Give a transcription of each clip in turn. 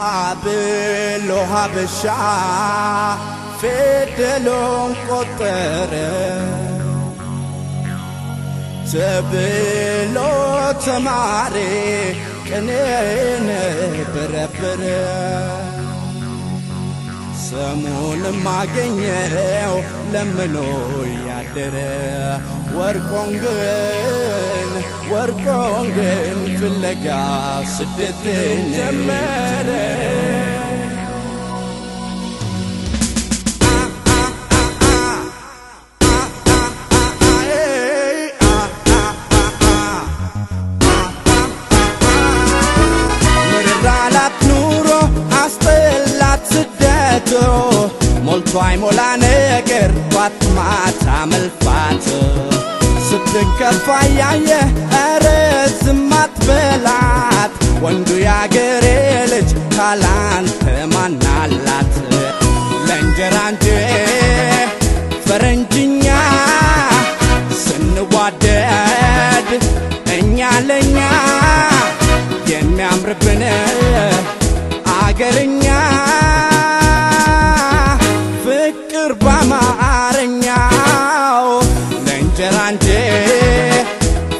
هابلوها بالشعار فدلون قطر تبلو تماري كنين بربره ስሙ ማገኘው ለምኖ ያደረ ወርቆን ግን ወርቆን ግን ፍለጋ ስደትን ጀመረ። አመልፋት ስትከፋ ያየ ኧረ ዝማት በላት ወንዱ ያገሬ ልጅ ካላንተ ማናላት ለእንጀራ እንጂ ፈረንጅኛ ስንዋደድ እኛ ለእኛ የሚያምርብን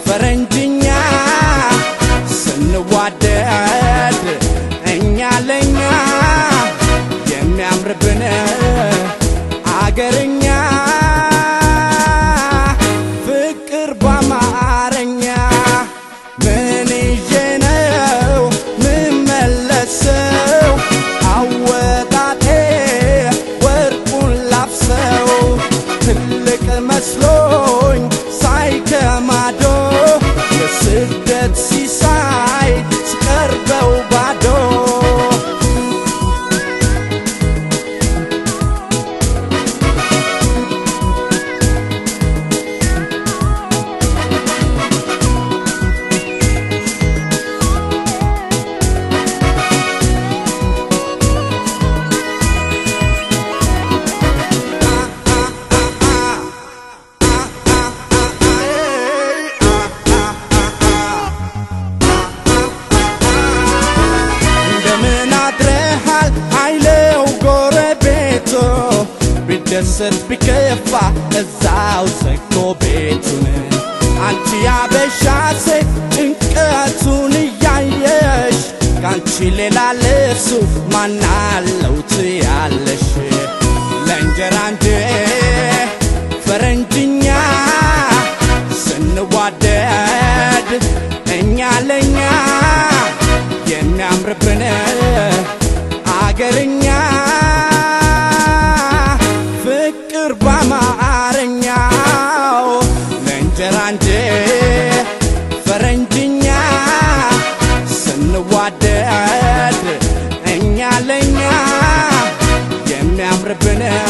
ፈረንጅኛ ስንዋደድ እኛ ለኛ የሚያምርብን አገርኛ ፍቅር በአማርኛ ምን ይዤ ነው ምመለሰው አወጣጤ ወርቁን ላብሰው ትልቅ መስሎ and seaside. ገንዘብ ቢከፋ እዛው ዘግቶ ቤቱን አንቺ ያበሻ ሴት ጭንቀቱን እያየሽ ካንቺ ሌላ ለእርሱ ማናለው ትያለሽ ለእንጀራ እንጂ ፈረንጅኛ ስንዋደድ እኛ ለእኛ የሚያምርብን አገርኛ siempre